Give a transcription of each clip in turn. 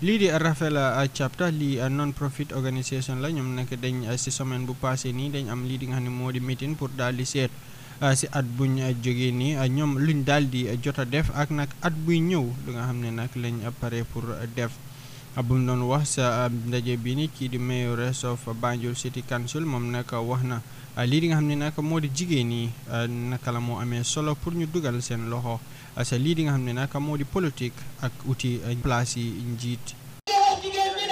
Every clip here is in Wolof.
li di rafela uh, a chapta li a non profit organisation la ñom nek dañ ci uh, semaine bu passé ni dañ am uh, li di nga xamni modi meeting pour dal di set ci at buñ joge ni ñom luñ dal di jota def ak nak at buy ñew lu nga xamni nak lañ paré pour def bu mu wax sa ah, ndaje bi ni kii di mayoress of Banjul City Council moom nag wax na ah, lii di nga xam ne nag moo di jigéen yi ah, naka la moo amee solo pour ñu dugal seen loxo sa lii di nga xam ne nag moo di politique ak uti place yi njiit. jigéen ñi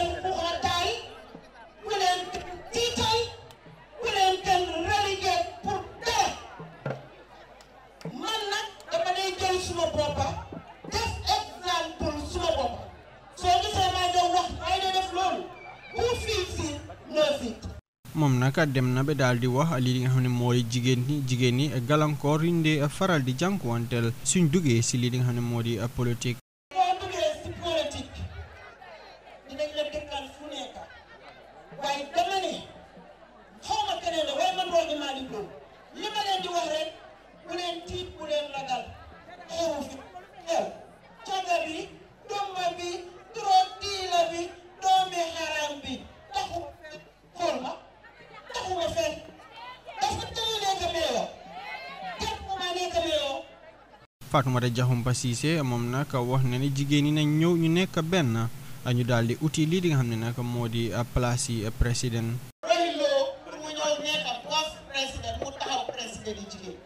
ne. mam naka demnaɓe daldi wa alii hani mooyi jigeni jigeni e galankor rinde faraldi jankowantel sin duge si liɗi hani moodi politique Fatoumata Diakhoumpa Cissé moom nag wax na ni jigéen ñi nañ ñëw ñu nekk benn ñu daal di uti lii di xam ne nag moo di place yi mu ñëw nekk jigéen.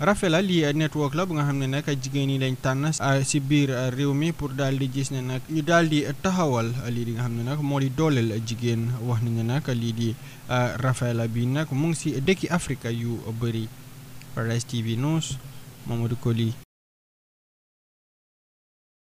Rafela lii network la bu nga xam ne nag jigéen ñi lañ tànn ah, si biir ah, réew mi pour daal gis ne nag ñu daldi taxawal lii di nga xam ne nag moo di dooleel jigéen wax nañu nag lii di ah, Rafela bi nag mu ci si dëkki Afrika yu bari Paradise TV News Mamadou Koli.